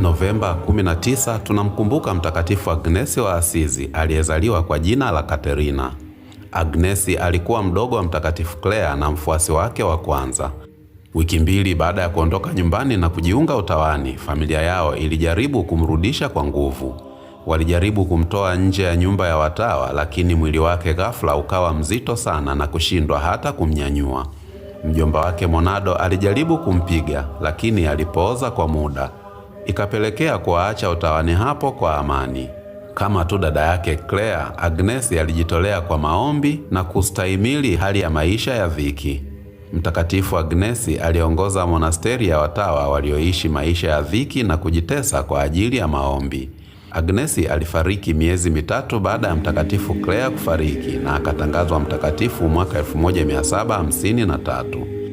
Novemba 19 tunamkumbuka Mtakatifu Agnesi wa Asizi aliyezaliwa kwa jina la Katerina. Agnesi alikuwa mdogo wa Mtakatifu Klea na mfuasi wake wa kwanza. Wiki mbili baada ya kuondoka nyumbani na kujiunga utawani, familia yao ilijaribu kumrudisha kwa nguvu. Walijaribu kumtoa nje ya nyumba ya watawa, lakini mwili wake ghafla ukawa mzito sana na kushindwa hata kumnyanyua. Mjomba wake Monado alijaribu kumpiga, lakini alipooza kwa muda, ikapelekea kuwaacha utawani hapo kwa amani. Kama tu dada yake Claire, Agnes alijitolea kwa maombi na kustahimili hali ya maisha ya dhiki. Mtakatifu Agnesi aliongoza monasteri ya watawa walioishi maisha ya dhiki na kujitesa kwa ajili ya maombi. Agnesi alifariki miezi mitatu baada ya Mtakatifu Claire kufariki na akatangazwa mtakatifu mwaka 1753.